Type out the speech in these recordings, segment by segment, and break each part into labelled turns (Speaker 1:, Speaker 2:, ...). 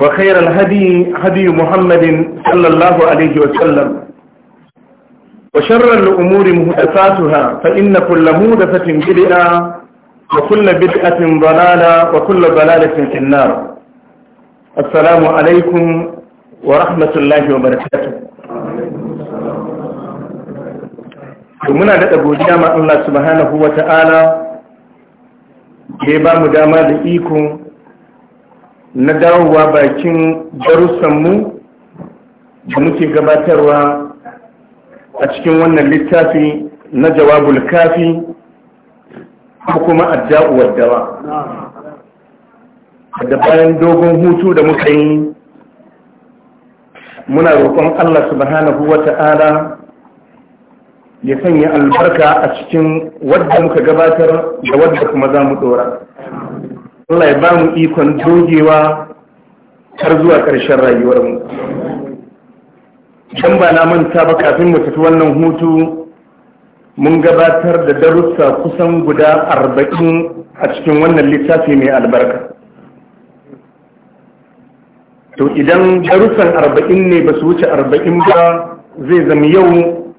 Speaker 1: وخير الهدي هدي محمد صلى الله عليه وسلم وشر الأمور مهدفاتها فإن كل مهدفة بدئة وكل بدئة ضلالة وكل ضلالة في النار السلام عليكم ورحمة الله وبركاته ومن daɗa أبو جامع الله سبحانه وتعالى ta'ala da ya na dawowa bakin darussanmu da muke gabatarwa a cikin wannan littafi na jawabul kafi ko kuma adda'uwar dawa da bayan dogon hutu da muka yi muna roƙon Allah subhanahu wa ta'ala ya sanya albarka a cikin wadda muka gabatar da wadda kuma za mu ɗora Allah ya ba mu ikon dogewa har zuwa ƙarshen rayuwarmu can ba na manta ba kafin mu tafi wannan hutu mun gabatar da darussa kusan guda arba'in a cikin wannan littafi mai albarka to idan darussan arba'in ne ba su wuce arba'in ba zai zama yau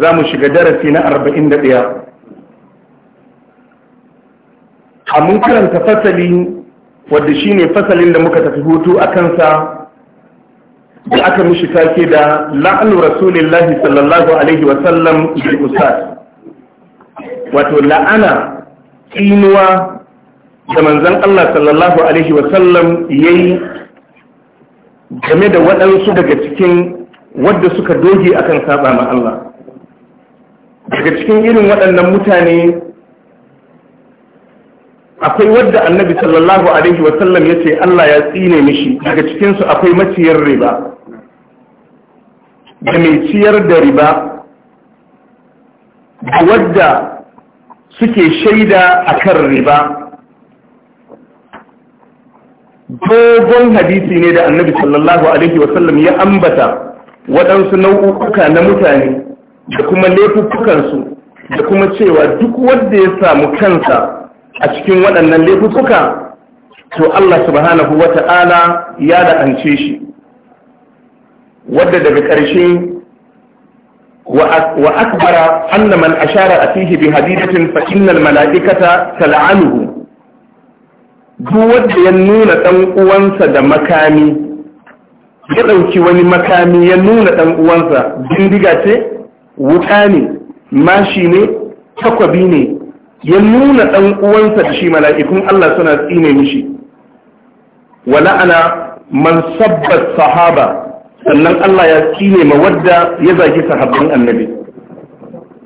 Speaker 1: za mu shiga darasi na arba'in da ɗaya a mun karanta fasali wadda ne fasalin da muka tafi hutu a kansa da aka mishi take da la'anu rasulillahi sallallahu alaihi wasallam bil ustad wato la'ana tsinuwa da manzan Allah sallallahu alaihi wasallam yi game da waɗansu daga cikin wadda suka doge akan saba ma Allah daga cikin irin waɗannan mutane akwai wadda annabi sallallahu alaihi wasallam ya ce Allah ya tsine mishi daga cikinsu akwai maciyar riba da mai ciyar da riba da wadda suke shaida a kan riba dogon hadisi ne da annabi sallallahu alaihi wasallam ya ambata waɗansu nau'uka na mutane da kuma su da kuma cewa duk wadda ya samu kansa a cikin waɗannan laifuka to Allah subhanahu wa ta'ala ya la'ance shi wadda daga ƙarshe wa akbara anna man ashara atihi bi hadidatin fa innal mala'ikata tal'anuhu duk wanda ya nuna dan uwansa da makami ya dauki wani makami ya nuna dan uwansa bindiga ce wuka ne mashi ne takwabi ne ya nuna ɗan uwansa da shi mala'ikun Allah suna tsine mishi wa la'ana man sabbat sahaba sannan Allah ya tsine ma wadda ya zagi sahabban annabi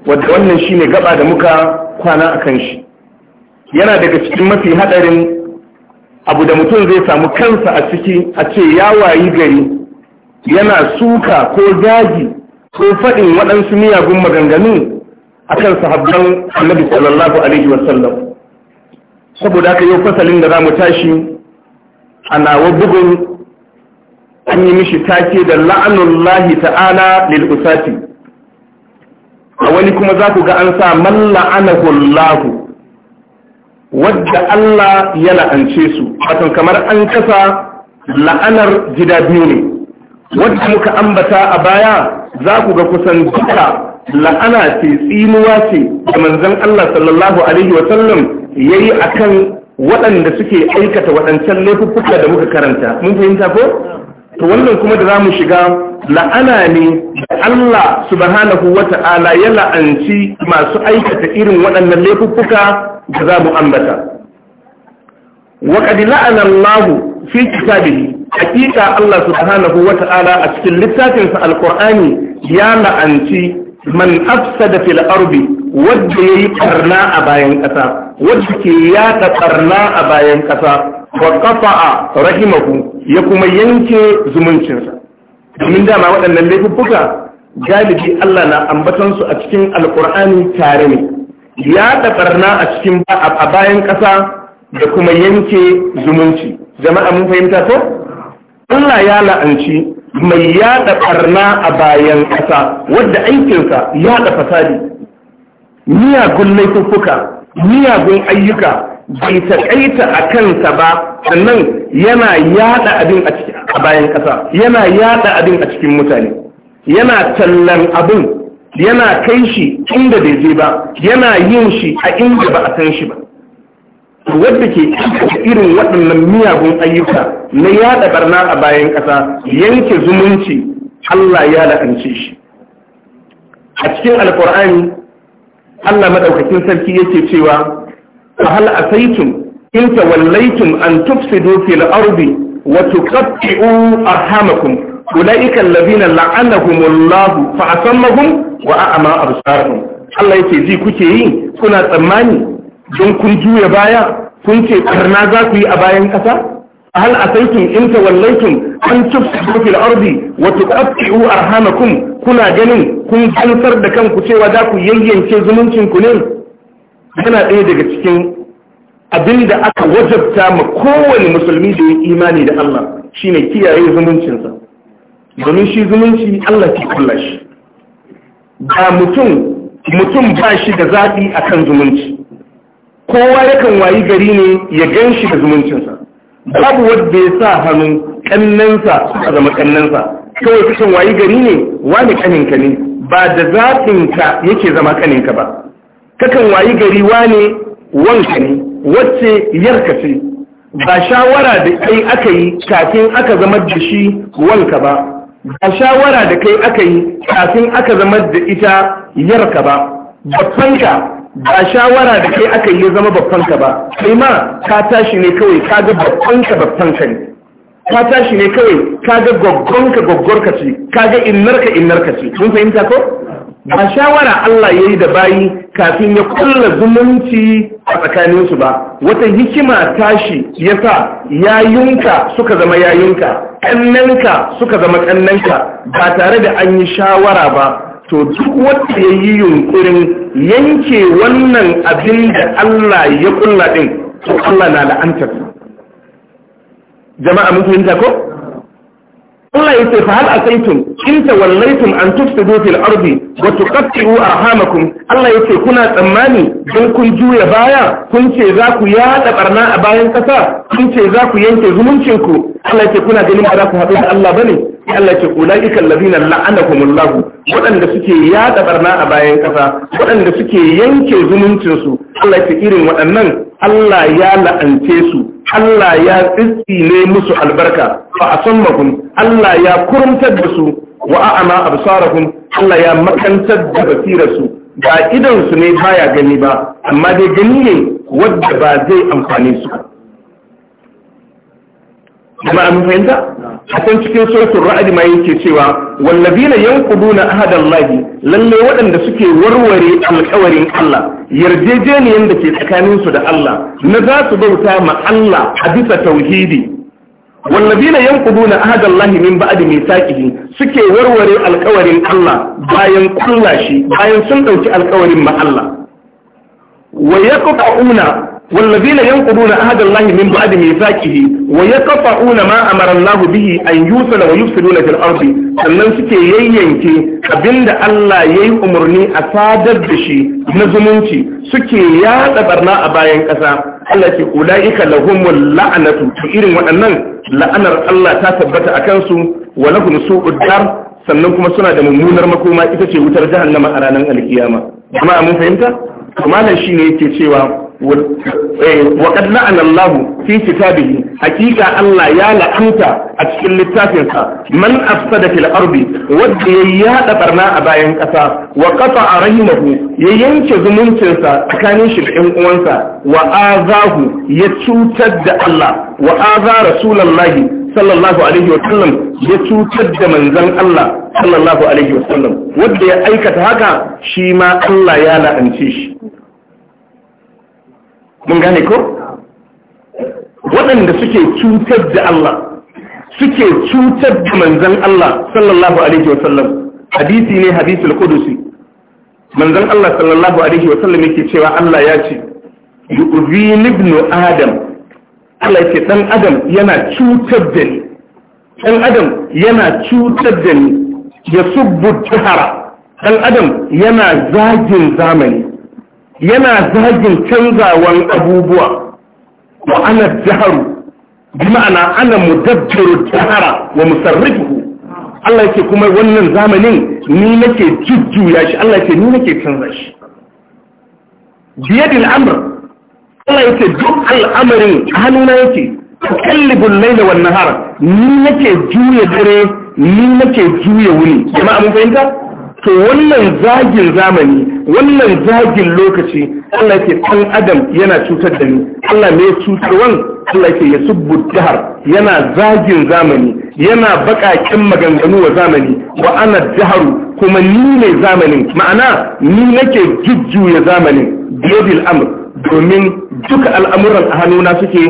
Speaker 1: wadda wannan shine gaba da muka kwana a kan shi yana daga cikin mafi haɗarin abu da mutum zai samu kansa a ciki a ce ya wayi gari yana suka ko zagi ko faɗin waɗansu miyagun maganganu akan sahabban annabi sallallahu alaihi wasallam saboda haka yau fasalin da za mu tashi a nawa bugun an yi mishi take da la'anullahi ta'ala lil usati a wani kuma za ku ga an sa man la'anahullahu wadda Allah ya la'ance su wato kamar an kasa la'anar gida biyu ne wadda muka ambata a baya za ku ga kusan duka la'ana ce tsinuwa ce da manzon Allah sallallahu alaihi wa sallam yayi waɗanda suke aikata waɗancan laifuffuka da muka karanta mun fahimta ko to wannan kuma da zamu shiga la'ana ne da Allah subhanahu wata'ala ya la'anci masu aikata irin waɗannan laifuffuka da mu ambata وقد لعن الله في كتابه حقيقة الله سبحانه وتعالى أشكل لساتنس القرآن يا man afsada fil ardi wadda yayi karna a bayan kasa wadda ke ta karna a bayan kasa wa a rahimahu ya kuma yanke zumuncinsa domin dama waɗannan laifuffuka galibi Allah na ambatansu a cikin alqur'ani tare ne ta karna a cikin a bayan kasa da kuma yanke zumunci jama'a mun fahimta ko Allah ya la'anci mai yada barna a bayan kasa wadda aikinsa yada fasadi miyagun laifuffuka miyagun ayyuka bai taƙaita a kansa ba sannan yana yada abin a bayan kasa yana yada abin a cikin mutane yana tallan abin yana kai shi inda bai je ba yana yin shi a inda ba a san shi ba wadda ke aikata irin waɗannan miyagun ayyuka na yada barna a bayan ƙasa yanke zumunci Allah ya la'ance shi a cikin alkur'ani Allah madaukakin sarki yake cewa fa hal asaitum in tawallaytum an tufsidu fil ardi wa tuqatti'u arhamakum ulaika alladhina la'anahumullahu fa asammahum wa a'ma absarahum Allah yake ji kuke yi kuna tsammani don kun juya baya kun ce karna za ku yi a bayan ƙasa hal asaitum in tawallaitum an tufsidu fil ardi wa tuqatti'u kun, kuna ganin kun kansar da kanku cewa za ku yayyance zumuncin ku ne yana ɗaya daga cikin abinda aka wajabta ma kowane musulmi da ya imani da Allah ne kiyaye zumuncinsa domin shi zumunci Allah ke kula shi ba mutum mutum ba shi da zaɓi akan zumunci kowa yakan wayi gari ne ya gan shi da zumuncinsa babu wanda ya sa hannun kannansa a zama kannansa kawai kashin wayi gari ne wani kaninka ne ba da zafinka yake zama kaninka ba kakan wayi gari wani wanka ne wacce yarka ce ba shawara da kai aka yi kafin aka zama da shi wanka ba ba shawara da kai aka yi kafin aka zama da ita yarka ba babbanka ba shawara da kai aka yi zama babbanka ba kai ma ka tashi ne kawai ka ga babbanka babbanka ne ka tashi ne kawai ka ga gwaggonka gaggorka ce ka ga innarka innarka ce mun fahimta ko ba shawara Allah ya yi da bayi kafin ya kulla zumunci a tsakaninsu ba wata hikima tashi ya sa yayunka suka zama yayunka ƙannanka suka zama ƙannanka ba tare da an yi shawara ba to duk wanda ya yi yunkurin yanke wannan abin da Allah ya kulla din to Allah na la'antar jama'a mun fahimta ko Allah ya ce fa hal asaitum in tawallaytum an tufsidu fil ardi wa tuqatti'u arhamakum Allah ya ce kuna tsammani don kun juya baya kun ce za ku yada barna a bayan kasa kun ce za ku yanke zumuncin ku Allah ya ce kuna ganin ba za ku haɗu da Allah bane Allah ce ulaika allazina la'anahumullah waɗanda suke yada barna a bayan ƙasa, waɗanda suke yanke zumuncin su Allah ce irin waɗannan Allah ya la'ance su Allah ya tsitsine musu albarka fa asammahum Allah ya kurumtar da su wa a'ama absarahum Allah ya makantar da basirarsu ba idan ne baya gani ba amma dai gani ne wadda ba zai amfane su Kuma an fahimta? a cikin suratul ra'd ma yake cewa wallazina yanquduna ahadallahi lalle waɗanda suke warware alƙawarin Allah yarjejeniyan da ke tsakanin su da Allah na za su bauta ma Allah a bisa tauhidi wallazina yanquduna ahadallahi min ba'di mithaqihi suke warware alƙawarin Allah bayan kullashi bayan sun dauki alƙawarin ma Allah wa yaqta'una والذين ينقضون عهد الله من بعد ميثاقه ويقطعون ما امر الله به ان يوصل ويفسدون في الارض sannan suke yayyanke abinda Allah yayi umarni a sadar da shi na zumunci suke yada barna a bayan ƙasa Allah ke ulaika lahumul la'anatu to irin waɗannan la'anar Allah ta tabbata a kansu wa lahum su'ud sannan kuma suna da mummunar makoma ita ce wutar jahannama a ranar alkiyama jama'a mun fahimta kuma shine yake cewa وقد لعن الله في كتابه حقيقة الله يا لأنت أتشكل للتافنسة من أفسد في الأرض ودي برنا أباين كسا وقطع رحمه يينك زمنتنسة أكانيش الإنقوانسة وآذاه يتوتد الله وآذى رسول الله صلى الله عليه وسلم يتوتد من زن الله صلى الله عليه وسلم ودي أيكت هكا شيما الله يا لأنتيش mun gane ko waɗanda suke cutar da Allah suke cutar da manzan Allah sallallahu alaihi wasallam hadisi ne hadisul qudusi manzan Allah sallallahu alaihi wasallam yake cewa Allah ya ce yu'zini ibn adam Allah yake dan adam yana cutar da ni dan adam yana cutar da ni ya subbu tahara dan adam yana zagin zamani yana zagin canzawan abubuwa wa ana jaharu bi ma'ana ana mudabbiru jahara wa musarrifu Allah yake kuma wannan zamanin ni nake jujjuya shi Allah yake ni nake canza shi biyadil amr Allah yake duk al'amarin hannuna yake kallibul layla wan nahara ni nake juya dare ni nake juya wuni jama'a mun fahimta to wannan zagin zamani wannan zagin lokaci Allah ke ɗan adam yana cutar da ni Allah ne cutarwan Allah ke ya subbu dahar yana zagin zamani yana baƙaƙen maganganu wa zamani wa ana kuma ni ne zamanin ma'ana ni nake jujjuya zamanin biyadil amr domin duka al'amuran a hannuna suke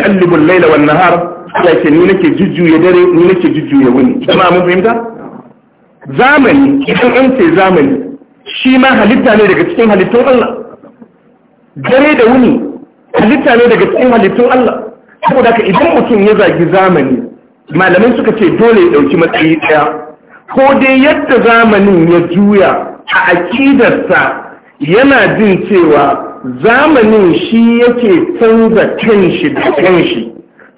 Speaker 1: kallibin laila wan nahar Allah ke ni nake jujjuya dare ni nake jujjuya wuni jama'a mun fahimta zamani idan an ce zamani shi ma halitta ne daga cikin halittun Allah Gare da wuni halitta ne daga cikin halittun Allah saboda ka idan mutum ya zagi zamani malamai suka ce dole ya ɗauki matsayi ɗaya ko dai yadda zamanin ya juya a aƙidarsa yana jin cewa zamanin shi yake canza kanshi da kanshi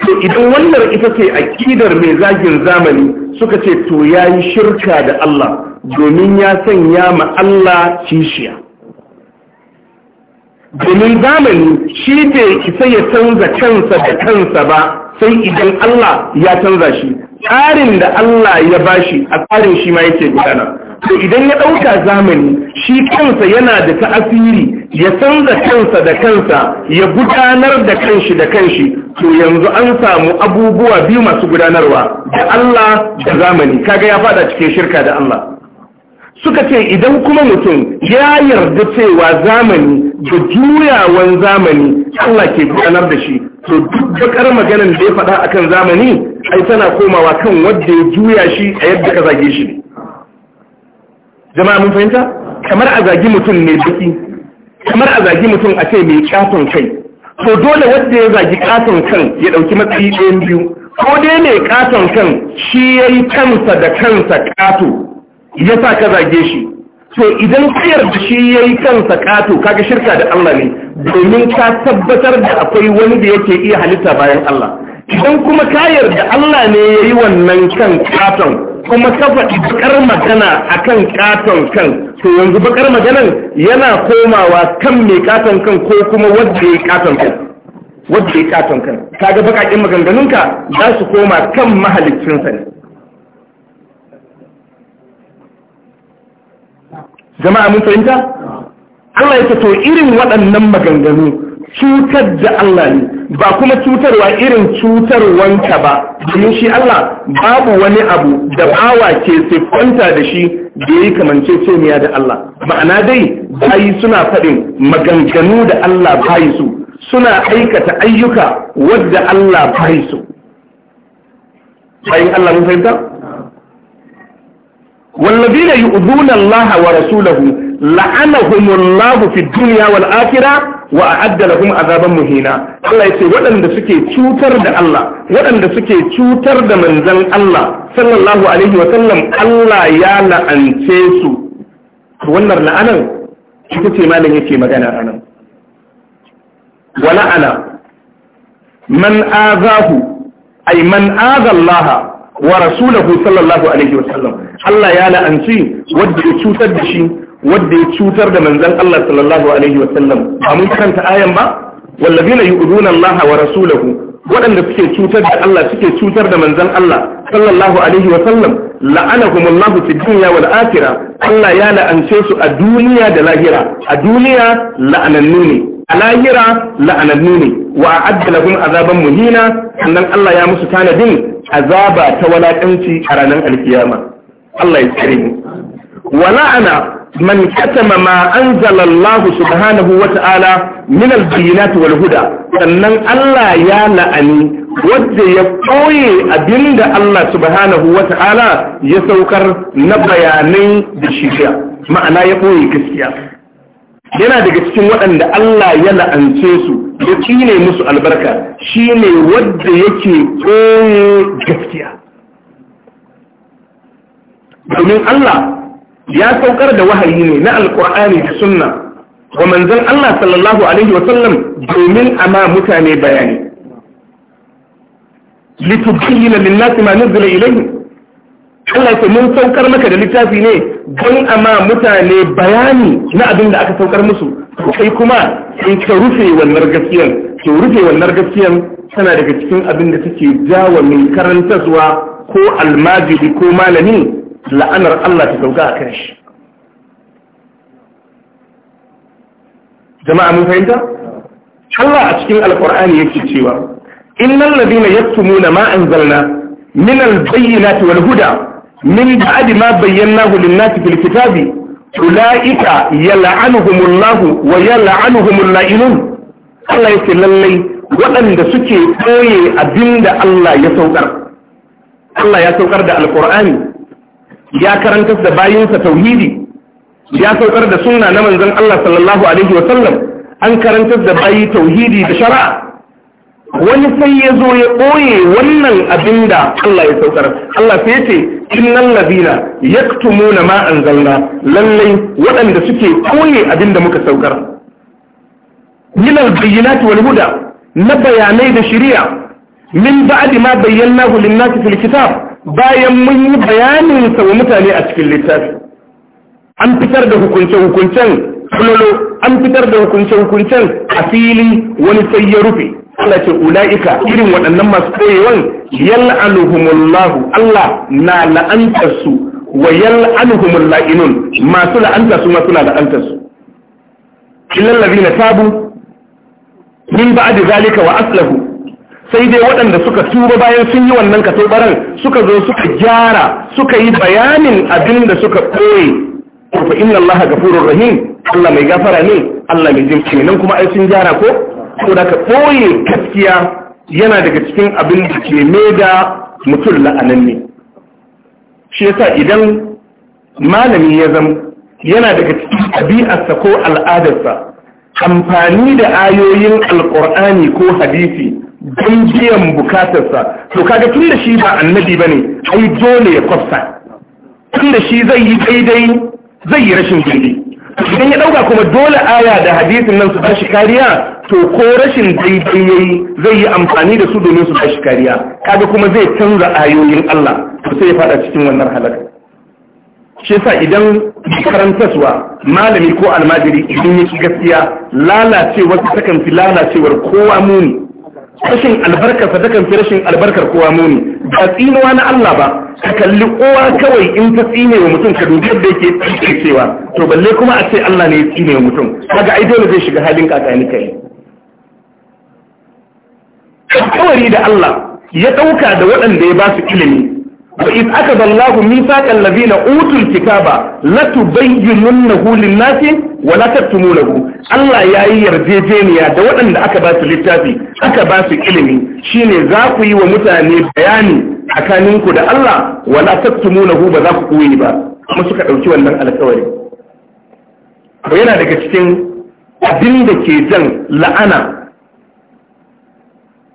Speaker 1: to idan wannan ita ce aƙidar mai zagin zamani suka ce to yayi shirka da Allah domin ya sanya ma Allah kishiya domin zamani shi bai isa ya canza kansa da kansa ba sai idan Allah ya canza shi tsarin da Allah ya bashi a tsarin shi ma yake gudana to idan ya ɗauka zamani shi kansa yana da ta'asiri ya canza kansa da kansa ya gudanar da kanshi da kanshi to yanzu an samu abubuwa biyu masu gudanarwa da Allah da zamani kaga ya fada cikin shirka da Allah suka ce idan kuma mutum ya yarda cewa zamani da juyawan zamani Allah ke gudanar da shi to duk bakar maganar da ya faɗa akan zamani ai tana komawa kan wanda ya juya shi a yadda ka zage shi jama'a mun fahimta kamar a zagi mutum ne baki kamar a zagi mutum a ce mai katon kai to dole wanda ya zagi katon kan ya ɗauki matsayi ɗayan biyu ko dai mai katon kan shi ya yi kansa da kansa kato ya sa ka zage shi to idan kayar da shi ya yi kansa kato kaga shirka da Allah ne domin ka tabbatar da akwai wani da yake iya halitta bayan Allah idan kuma kayar da Allah ne ya yi wannan kan katon kuma ka faɗi bakar magana a kan katon kan to yanzu bakar maganan yana komawa kan mai katon kan ko kuma wadda ya yi katon kan wadda ya yi katon kan kaga bakakin maganganunka za su koma kan mahaliccinsa ne jama'a mun fahimta Allah yake to irin waɗannan maganganu cutar da Allah ne ba kuma cutarwa irin cutar wanka ba domin shi Allah babu wani abu da bawa ke siffanta da shi da ya yi kamance kamanceceniya da Allah ma'ana dai bayi suna faɗin maganganu da Allah bayi su suna aikata ayyuka wadda Allah bayi su bayin Allah mun fahimta والذين يؤذون الله ورسوله لعنهم الله في الدنيا والآخرة وأعد لهم عذابا مهينا الله يسي ودن دا سكي تشوتر دا الله ودن دا سكي تشوتر دا منزل الله صلى الله عليه وسلم الله يا لأنتيسو wannan la'anar ita ce malam yake magana a nan wa la'ana man azahu ay man azallaha wa rasulahu sallallahu alaihi wa sallam Allah ya la'anci wadda ya cutar da shi wadda ya cutar da manzan Allah sallallahu alaihi ba mun karanta ayan ba wallazina yu'duna Allah wa rasulahu waɗanda suke cutar da Allah suke cutar da manzan Allah sallallahu alaihi wa sallam la'anahumullahu fid dunya wal akhirah Allah ya la'ance su a duniya da lahira a duniya la'anannu ne a lahira la'anannu ne wa a'adda lahum azaban muhina sannan Allah ya musu tanadin azaba ta walakanci a ranar alkiyama Allah ya mu wala'ana man katama ma anzala Allah subhanahu wa ta'ala min al-bayyinat wal huda sannan Allah ya la'ani wanda ya koye abinda Allah subhanahu wa ta'ala ya saukar na bayanai da shiriya ma'ana ya koye gaskiya yana daga cikin waɗanda Allah ya la'ance su ya ne musu albarka shine wanda yake koye gaskiya domin Allah ya saukar da wahayi ne na alkur'ani da sunna wa manzon Allah sallallahu alaihi wa sallam domin ama mutane bayani litubayyana lin-nasi ma nuzila ilayhi Allah ya mun saukar maka da littafi ne don ama mutane bayani na abin da aka saukar musu kai kuma in ka rufe wannan gaskiyan to rufe wannan gaskiyan tana daga cikin abin da take jawo mai karantarwa ko almajiri ko malami la'anar Allah ta sauka a kan shi jama'a mun fahimta Allah a cikin alkur'ani yake cewa innal ladina yaktumuna ma anzalna min albayyinati wal huda min ba'di ma bayyanahu lin-nasi fil kitabi ulaika yal'anuhumullahu wa yal'anuhumul la'inun Allah yake lallai waɗanda suke koye abinda Allah ya saukar Allah ya saukar da alkur'ani ya karantar da bayinsa tauhidi ya saukar da sunna na manzon Allah sallallahu alaihi wa sallam an karantar da bayi tauhidi da shara. wani sai ya zo ya ɓoye wannan abin da Allah ya saukar Allah sai ce innal ladina yaktumuna ma anzalna lallai waɗanda suke ɓoye abin da muka saukar min al-bayyinati wal huda na bayanai da shari'a min ba'di ma bayyanahu lin-nasi fil kitab bayan mun yi bayanin sa wa mutane a cikin littafi an fitar da hukunce-hukuncen an fitar da hukunce-hukuncen a fili wani sai ya rufe Allah ce ula'ika irin waɗannan masu koyewan yal'anuhumullahu Allah na la'antar su wa yal'anuhumul la'inun masu la'anta su masu la'antar su illal ladina tabu min ba'di zalika wa aslahu sai dai waɗanda suka tuba bayan sun yi wannan katobaran suka zo suka gyara suka yi bayanin abin da suka koye fa inna allaha gafurur rahim Allah mai gafara ne Allah mai jin nan kuma ai sun gyara ko Ko da ka koye gaskiya yana daga cikin abin da ke mega mutum la'ananne shi yasa idan malami ya zama yana daga cikin ɗabi'arsa ko al'adarsa amfani da ayoyin alkur'ani ko hadisi don biyan bukatarsa to kaga tun da shi ba annabi ba ne ai dole ya kwafsa tun da shi zai yi daidai zai yi rashin daidai idan ya dauka kuma dole aya da hadisin nan su bashi kariya to ko rashin daidai yayi zai yi amfani da su domin su bashi kariya kaga kuma zai canza ayoyin Allah to sai ya fada cikin wannan halaka shi sa idan karantaswa malami ko almajiri idan yake gaskiya lalacewar ta kan fi lalacewar kowa muni rashin albarkarsa ta kan fi rashin albarkar kowa muni ba tsinuwa na Allah ba ka kalli kowa kawai in ta tsine wa mutum ka dubi yadda yake tsircewa to balle kuma a ce Allah ne ya tsine wa mutum kaga ai dole zai shiga halin ni kai kawari da Allah ya ɗauka da waɗanda ya ba su ilimi وإذ أخذ الله ميثاق الذين أوتوا الكتاب لتبيننه للناس ولا تكتمونه Allah ya yi yarjejeniya da waɗanda aka ba su littafi aka ba su ilimi shine za ku yi wa mutane bayani tsakaninku da Allah wala taktumunahu ba za ku koyi ba kuma suka ɗauki wannan alƙawari yana daga cikin abin da ke jan la'ana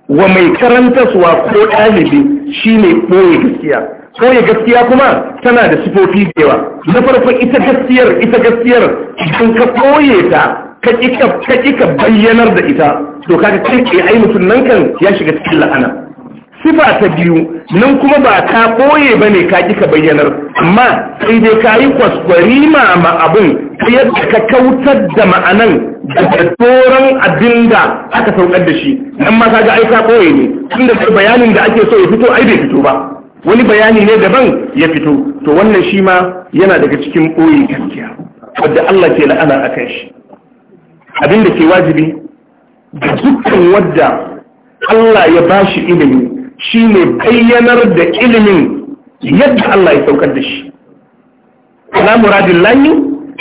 Speaker 1: wa mai karantaswa ko ɗalibi shine ɓoye gaskiya ɓoye gaskiya kuma tana da sifofi da yawa na farko ita gaskiyar ita gaskiyar idan ka ɓoye ta ka ƙi ka bayyanar da ita to kaga kai ke ai mutum nan kan ya shiga cikin la'ana sifa ta biyu nan kuma ba ta ɓoye ba ne ka ƙi bayyanar amma sai dai ka yi ma ma abin ta yadda ka kautar da ma'anan Da tsoron abin da aka saukar da shi nan ma ga aika kawai ne tun da bayanin da ake so ya fito ai bai fito ba wani bayani ne daban ya fito to wannan shi ma yana daga cikin ɓoye gaskiya wadda Allah ke la'ana a kan shi abin da ke wajibi da dukkan wadda Allah ya ba shi ilimi shi ne bayyanar da ilimin yadda Allah ya saukar da shi ala muradin layi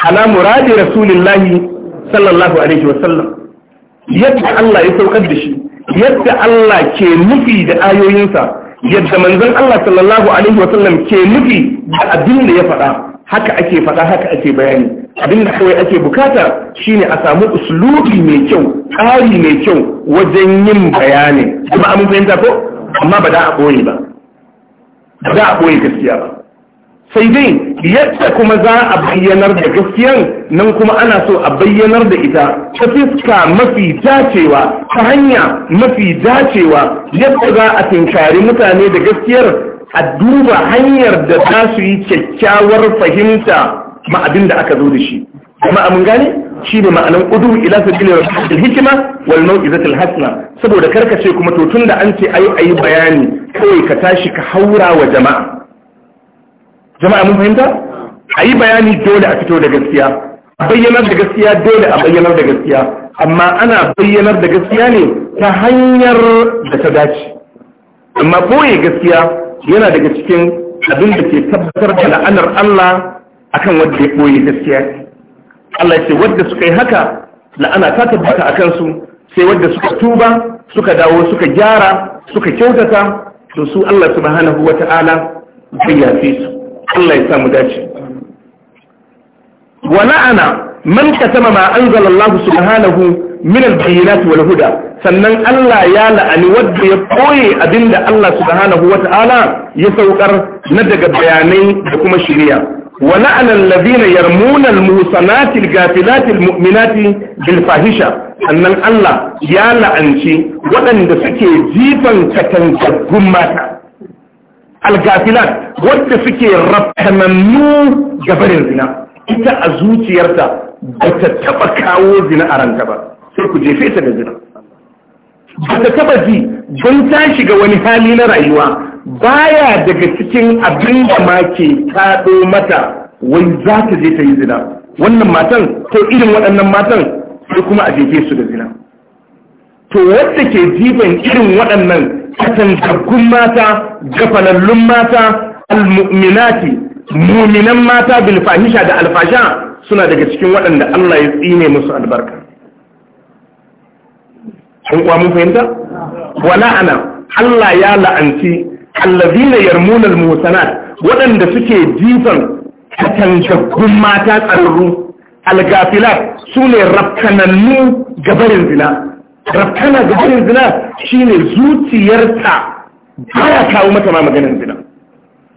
Speaker 1: ala muradin layi. sallallahu alaihi sallam yadda Allah ya saukar da shi yadda Allah ke nufi da ayoyinsa yadda manzon Allah sallallahu alaihi sallam ke nufi da abin da ya faɗa haka ake faɗa haka ake bayani abin da kawai ake bukata shine a samu uslubi mai kyau tsari mai kyau wajen yin bayani kuma an fahimta ko amma ba da a boye ba da a gaskiya ba sai dai yadda kuma za a bayyanar da gaskiyan nan kuma ana so a bayyanar da ita ta fiska mafi dacewa ta hanya mafi dacewa yadda za a tinkari mutane da gaskiyar a duba hanyar da za su yi kyakkyawar fahimta ma abin da aka zo da shi kuma mun gane shi ne ma'anar udu ila sabili rabbil hikima wal mau'izatil hasna saboda karkace kuma to tunda an ce ayi ayi bayani kawai ka tashi ka haura wa jama'a jama'a mun fahimta a yi bayani dole a fito da gaskiya a bayyanar da gaskiya dole a bayyanar da gaskiya amma ana bayyanar da gaskiya ne ta hanyar da ta dace amma boye gaskiya yana daga cikin abin da ke tabbatar da la'anar Allah akan wanda ya boye gaskiya Allah ya ce wanda suka yi haka la'ana ta tabbata akan su sai wanda suka tuba suka dawo suka gyara suka kyautata to su Allah subhanahu wata'ala zai yafe su
Speaker 2: Allah ya samu dace
Speaker 1: Wala'ana la'ana man katama ma anzala Allah subhanahu min al wal huda sannan Allah ya la'ani wadda ya koye abinda Allah subhanahu wata'ala ya saukar na daga bayanai da kuma shirya. Wala'anan la'ana alladhina yarmuna al-muhsanati al muminati bil fahisha sannan Allah ya la'anci waɗanda suke jifan katangagun mata algafilat wadda suke rafkanannu ga barin zina ita a zuciyarta ba ta taba kawo zina a ranta ba sai ku jefe ta da zina ba ta taba ji don ta shiga wani hali na rayuwa baya daga cikin abin da ma ke taɗo mata wai za ta je ta yi zina wannan matan ko irin waɗannan matan sai kuma a jefe su da zina to wadda ke jifan irin waɗannan katantakkun mata gafalallun mata almu'minati muminan mata bil da alfasha suna daga cikin waɗanda Allah ya tsine musu albarka an kuwa mun fahimta wala ana Allah ya la'anci allazina yarmuna almuhsanat waɗanda suke jifan katantakkun mata tsararru algafilat sune rafkanannu gabarin zina rafkana da ganin zina shine zuciyarta baya kawo mata ma maganin zina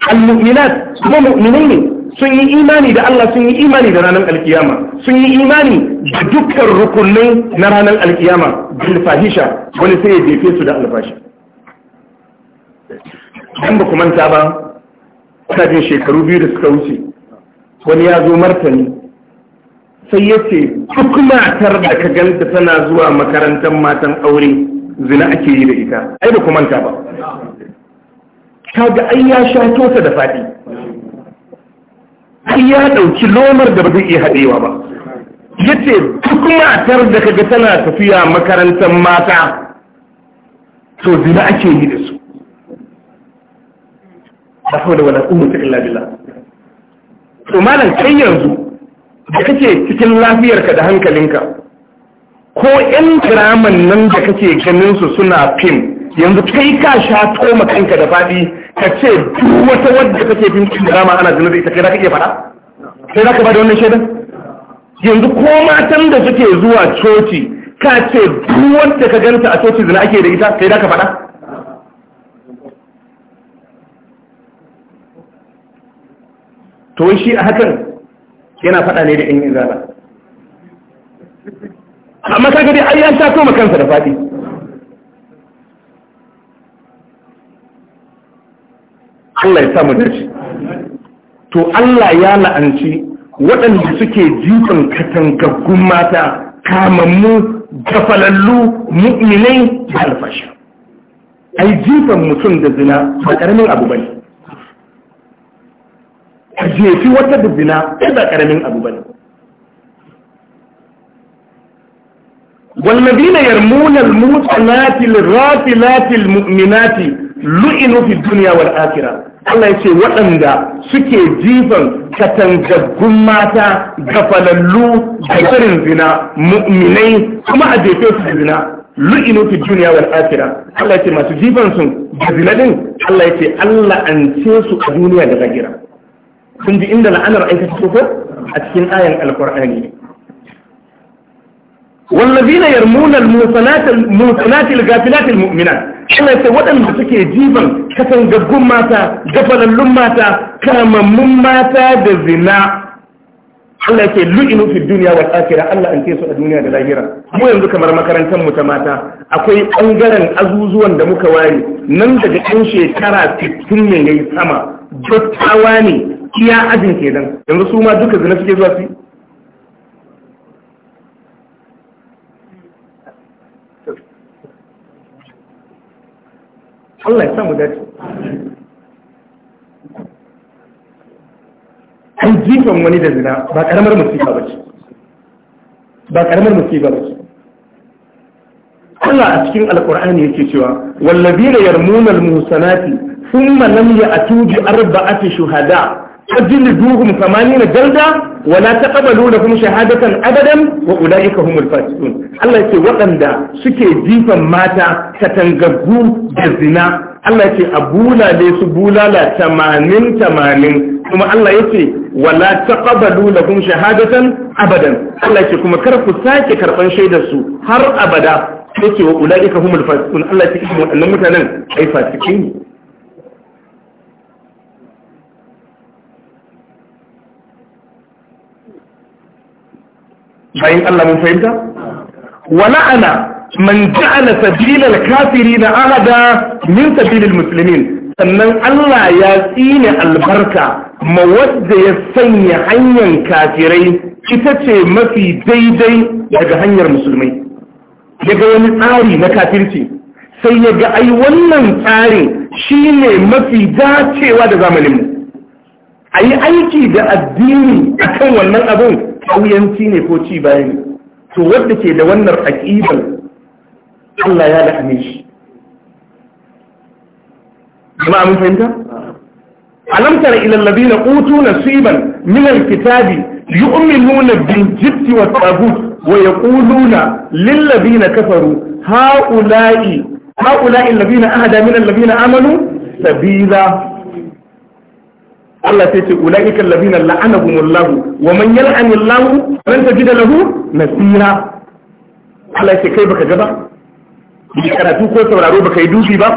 Speaker 1: al-mu'minat kuma mu'minai ne sun yi imani da Allah sun yi imani da ranar alkiyama sun yi imani da dukkan rukunin na ranar alkiyama bil fahisha wani sai ya jefe su da albashi dan ba ku manta ba kuna jin shekaru biyu da suka wuce wani ya zo martani sai ya ce duk matar da ka ganta tana zuwa makarantar matan aure zina ake yi da ita ai ba kuma ta ba kaga ai ya sha tosa da fadi ai ya dauki lomar da ba zai iya hadewa ba yace duk matar da kaga tana tafiya makarantar mata to zina ake yi da su ba da wala umma illa billah to malam kai yanzu da kake cikin lafiyarka da hankalinka ko 'yan draman nan da kake ganin su suna fim yanzu kai ka sha toma kanka da faɗi ka ce duk wata wadda kake bin cikin drama ana zina da ita kai za ka iya faɗa kai za ka da wannan shaidan yanzu ko matan da suke zuwa coci ka ce duk wadda ka ganta a coci zina ake da ita kai za ka faɗa to shi a hakan yana faɗa ne da in zaɓa, amma kaga dai ai an tato kansa da faɗi Allah ya samu dace to Allah ya la'anci waɗanda suke jifan katangaggun mata kamammu gafalallu mu'minai da alfashi ai jifan mutum da zina ba ƙaramin abu bane ka jefi wata dubbina sai ba ƙaramin abu bane والذين يرمون المحصنات الغافلات المؤمنات lu'inu fi duniya wal akhirah Allah ce waɗanda suke jifan katangaggun mata falallu da irin zina mu'minai kuma a jefe su zina lu'inu fi duniya wal akhirah Allah masu jifan sun da zina din Allah ce Allah an ce su a duniya da zagira Sun ji inda la'anar aika ta a cikin ayan alqur'ani والذين يرمون المحصنات المحصنات الغافلات المؤمنات Allah ya waɗanda suke jiban gaggun mata gafalallun mata kamammun mata da zina Allah ya lu'inu fi duniya wal akhirah Allah an su a duniya da lahira mu yanzu kamar makarantar mu ta mata akwai bangaren azuzuwan da muka ware nan daga ɗan shekara 60 ne yayi sama jottawa ne kiya ajin kenan yanzu su ma duka zina suke zuwa su Allah ya samu dace an jifan wani da zina ba karamar musiba ba ce ba karamar musiba ba ce Allah a cikin alkur'ani yake cewa wallazina yarmuna almusanati ثم لم يأتوا بأربعة شهداء فجلدوهم ثمانين جلدة ولا تقبلوا لهم شهادة أبدا وأولئك هم الفاسقون الله يقول وقم دا سكي جيفا ماتا كتنغبو جزنا الله يقول أبولا ليس بولا لا تمانين تمانين ثم الله يقول ولا تقبلوا لهم شهادة أبدا الله يقول كما كرفوا ساكي كرفان شيدا سو هر أبدا يقول وأولئك هم الفاسقون الله يقول أنهم مثلا أي فاسقين bayan Allah mun fahimta wa ana man ja'ala sabilal na ahada min sabilil muslimin sannan Allah ya tsine albarka ma wadda ya sanya hanyar kafirai ita ce mafi daidai daga hanyar musulmai daga wani tsari na kafirci sai ya ga ai wannan tsarin shine mafi dacewa da zamaninmu a yi aiki da addini a kan wannan abin ƙauyanci ne ko ci baya ne to wadda ke da wannan aƙibar Allah ya la'ame shi jama'a mun fahimta alam tara ila alladhina utu nasiban min alkitabi yu'minuna bil jibti wat tagut wa yaquluna lil ladina kafaru haula'i haula'i alladhina ahada min alladhina amanu sabila Allah sai ce ulaika allazina la'anahumullahu wa man yal'anillahu lan tajida lahu nasira Allah ce kai baka ga ba bi karatu ko sauraro baka yi dubi ba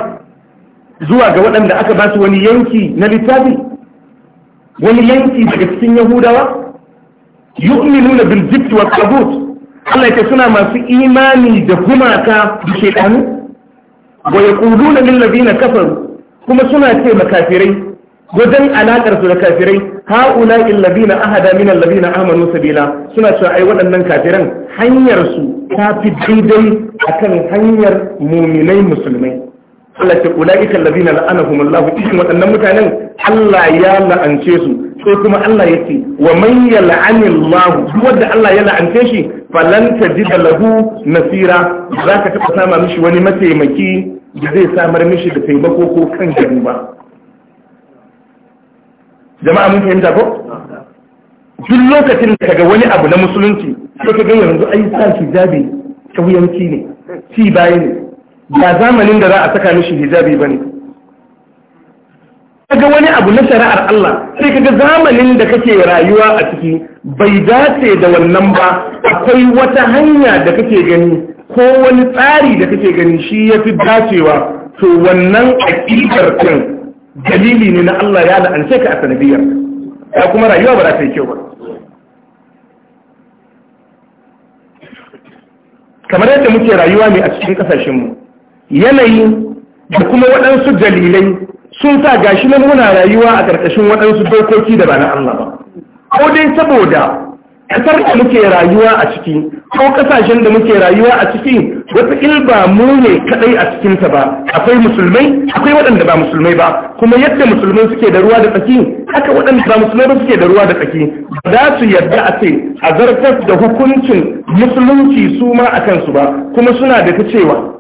Speaker 1: zuwa ga waɗanda aka ba su wani yanki na littafi wani yanki daga cikin yahudawa yu'minuna bil jibt wa tabut Allah ce suna masu imani da gumaka da shedanu wa yaquluna lil ladina kafaru kuma suna ce makafirai wajen alakar su da kafirai haula illabina ahada min allabina amanu sabila suna cewa ai waɗannan kafiran hanyar su ta fi daidai akan hanyar muminai musulmai Allah ce ulaika allabina la'anahum Allah ikin waɗannan mutanen Allah ya la'ance su sai kuma Allah yace wa man yal'ani Allah duk wanda Allah ya la'ance shi falan tajida lahu nasira zaka taɓa sama mishi wani mataimaki da zai samar mishi da taimako ko kan gari ba jama'a mun fahimta ko duk lokacin da kaga wani abu na musulunci sai ka ga yanzu ai sa hijabi kauyanci ne ci baya ne ba zamanin da za a saka mishi hijabi bane kaga wani abu na shari'ar Allah sai kaga zamanin da kake rayuwa a ciki bai dace da wannan ba akwai wata hanya da kake gani ko wani tsari da kake gani shi yafi dacewa to wannan aƙidar kan dalili ne na Allah ya la'ance ka a sanadiyar ya kuma rayuwa ba za ta yi kyau ba kamar yadda muke rayuwa ne a cikin mu, yanayi da kuma waɗansu dalilai sun sa gashi nan muna rayuwa a ƙarƙashin waɗansu dokoki da ba na Allah ba ko dai saboda ƙasar da muke rayuwa a ciki ko ƙasashen da muke rayuwa a ciki wata ilba mu ne kaɗai a cikinta ba akwai musulmai akwai waɗanda ba musulmai ba kuma yadda musulmai suke da ruwa da tsaki haka waɗanda ba musulmai ba suke da ruwa da tsaki ba za su yarda a ce a zartar da hukuncin musulunci su ma a kansu ba kuma suna da ta cewa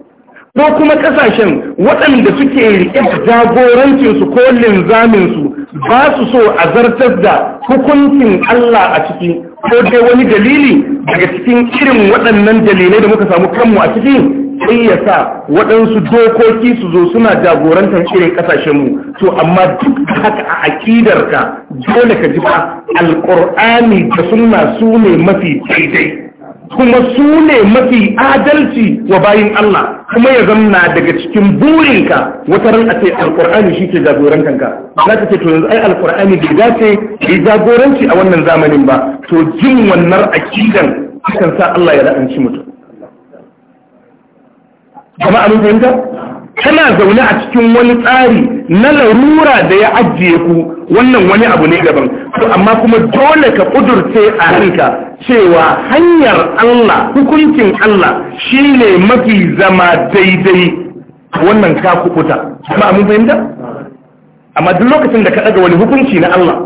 Speaker 1: ko kuma kasashen waɗanda suke riƙe jagorancinsu ko linzaminsu ba su so a zartar da hukuncin Allah a ciki ko dai wani dalili daga cikin irin waɗannan dalilai da muka samu kanmu a ciki sai ya sa waɗansu dokoki su zo suna jagorantar irin ƙasashenmu to amma duk da haka a aƙidarka dole ka ji ba alƙur'ani da sunna su ne mafi daidai kuma su ne mafi adalci wa bayin Allah kuma ya zamna daga cikin burinka wata ran a ce alkur'ani shi ke jagorantar ka za ka ce to yanzu ai alkur'ani bai dace bai jagoranci a wannan zamanin ba to jin wannan akidan akan sa Allah ya la'anci mutum jama'a mun fahimta kana zaune a cikin wani tsari na larura da ya ajiye ku wannan wani abu ne gaban. to amma kuma dole ka kudurce a ranka cewa hanyar Allah hukuncin Allah shine mafi zama daidai wannan ka kukuta amma mun fahimta amma duk lokacin da ka daga wani hukunci na Allah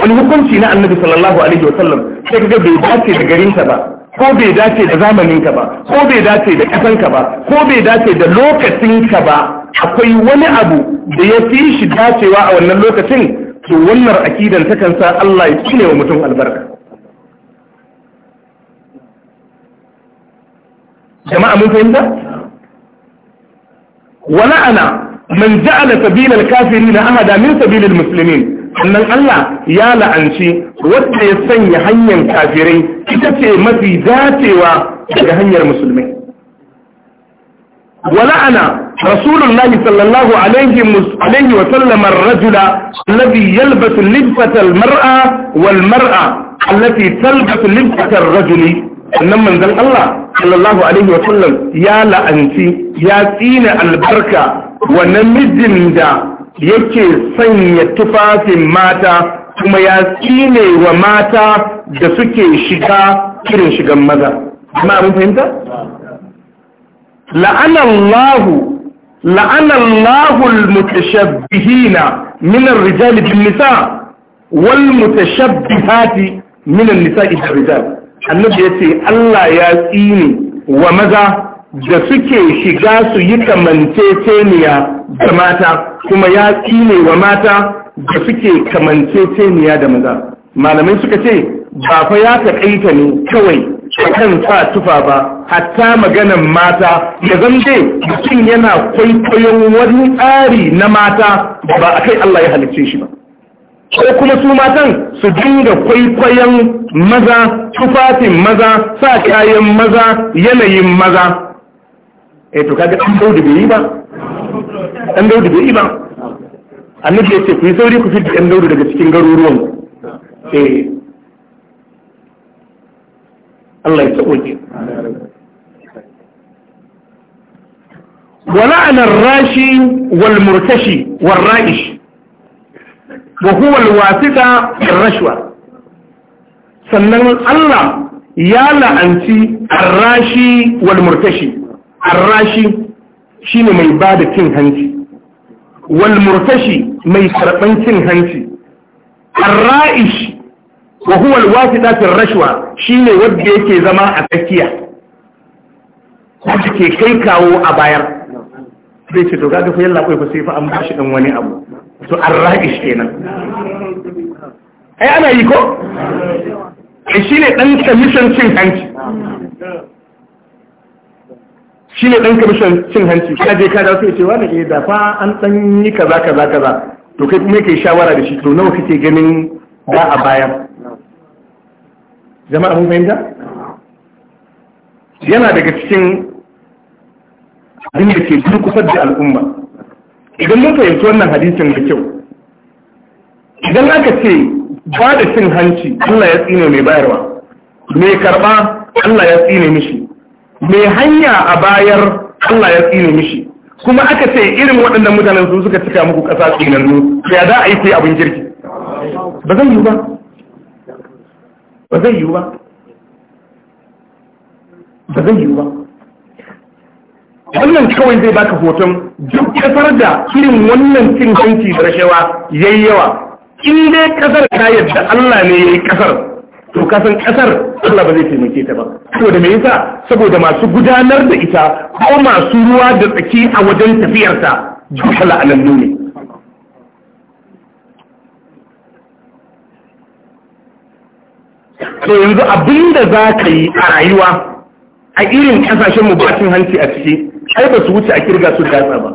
Speaker 1: wani hukunci na Annabi sallallahu alaihi wasallam sai ka ga bai dace da garinta ba ko bai dace da zamaninka ba ko bai dace da ƙasanka ba ko bai dace da lokacinka ba akwai wani abu da ya fi shi dacewa a wannan lokacin to wannan akidan takan sa Allah ya cire wa mutum albarka jama'a mun fahimta wala ana man ja'ala sabilal kafirin ahada min sabilil muslimin annan Allah ya la'anci wadda ya sanya hanyar kafirai ita ce mafi dacewa daga hanyar musulmai ولعن رسول الله صلى الله عليه وسلم الرجل الذي يلبس لبسة المرأة والمرأة التي تلبس لبسة الرجل annan manzon Allah ya la'anci ya tsina albarka wa namijin da yake sanya tufafin mata kuma ya tsine wa mata da suke shiga irin shigan maza amma abin fahimta? la'anallahu la'anallahu mutashabbihina min ar-rijali bin nisa wal mutashabbihati min an-nisa'i bir-rijal yace Allah ya tsine wa maza da suke shiga su yi kamanceceniya da mata kuma ya kine wa mata da suke kamanceceniya da maza malamai suka ce ba fa ya taƙaita ne kawai kan sa tufa ba hatta maganan mata ya zamde mutum yana kwaikwayon wani tsari na mata da ba a kai Allah ya halicce shi ba ko kuma su matan su dinga kwaikwayon maza tufafin maza sa kayan maza yanayin maza E to kaga dan daudu bai yi ba dan daudu bai yi ba annabi ya ce ku yi sauri ku fidda dan daudu daga cikin garuruwan eh Allah ya tsawoke ولعن Ra'ish, والمرتشي والرائش وهو الواسطة في الرشوة سنن الله يا لعنتي wal murtashi. arrashi ne mai ba da cin hanci wal murtashi mai karɓan cin hanci arra'ish wa huwa alwasita fi rashwa shine wanda yake zama a tsakiya
Speaker 2: wanda ke kai kawo a bayar
Speaker 1: zai ce to ga fa yalla kai fa sai fa an bashi dan wani abu to arra'ish kenan ai ana yi ko shi ne dan kamishin cin hanci shi ne ɗan kamishin cin hanci ka je ka dawo sai ce wani eh da fa an ɗan yi kaza kaza kaza to kai kuma kai shawara da shi to nawa kake ganin ba a bayan jama'a mun fahimta yana daga cikin abin da ke durkusar da al'umma idan mun fahimci wannan hadisin da kyau idan aka ce ba da cin hanci Allah ya tsine mai bayarwa mai karɓa Allah ya tsine mishi mai hanya a bayar Allah ya tsine mishi kuma aka ce irin waɗannan mutanen su suka cika muku ƙasa tsinannu ya za a yi abin jirgi? ba zai yi ba ba zai yi ba ba zai yi ba wannan kawai zai baka hoton duk kasar da irin wannan cin hanci da rashawa yayi yawa in dai kasar ta yadda Allah ne ya yi kasar to kasan kasar Allah ba zai taimake ta ba da me yasa saboda masu gudanar da ita ko masu ruwa da tsaki a wajen tafiyarta jahala la'anannu ne to yanzu abinda za ka yi a rayuwa a irin kasashen mu bacin hanci a ciki ai ba su wuce a kirga su da yatsa ba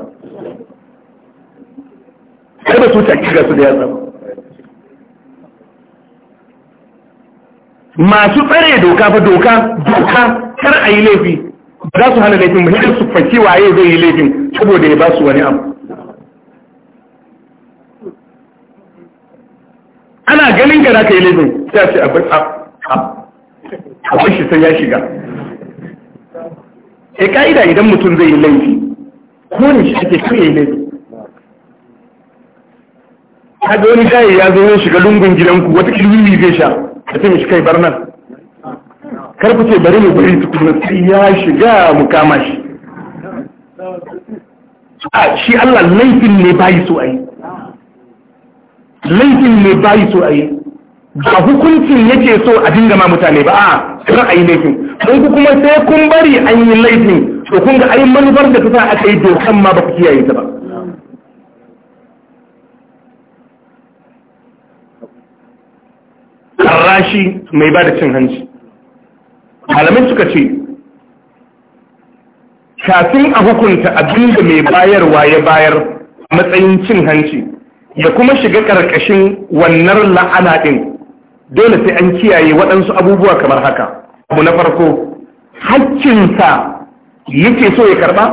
Speaker 1: ai ba su wuce a kirga su da yatsa ba masu tsare doka ba doka doka kar a yi laifi ba za su hana laifin ba sai su faki waye zai yi laifin saboda ya ba su wani abu ana ganin ka ka yi laifin sai ce a abin shi sai ya shiga e ka'ida idan mutum zai yi laifi ko ne shi ake kan yi laifi ga wani kayi ya zo ya shiga lungun gidanku wata kilomi zai sha ka ce kai bar nan kar ku ce bari mu bari tukuna sai ya shiga mu kama shi a shi Allah laifin ne bayi so yi, laifin ne bayi so yi. ba hukuncin yake so a dinga ma mutane ba a yi laifin don ku kuma sai kun bari an yi laifin to kun ga ai manufar da ta sa aka yi dokan ma ba ku kiyaye ta ba al'arrashi mai ba da cin hanci malamai suka ce kafin a hukunta abin da mai bayarwa ya bayar matsayin cin hanci ya kuma shiga ƙarƙashin wannan la'ana ɗin dole sai an kiyaye waɗansu abubuwa kamar haka abu na farko haƙƙinsa yake so ya karɓa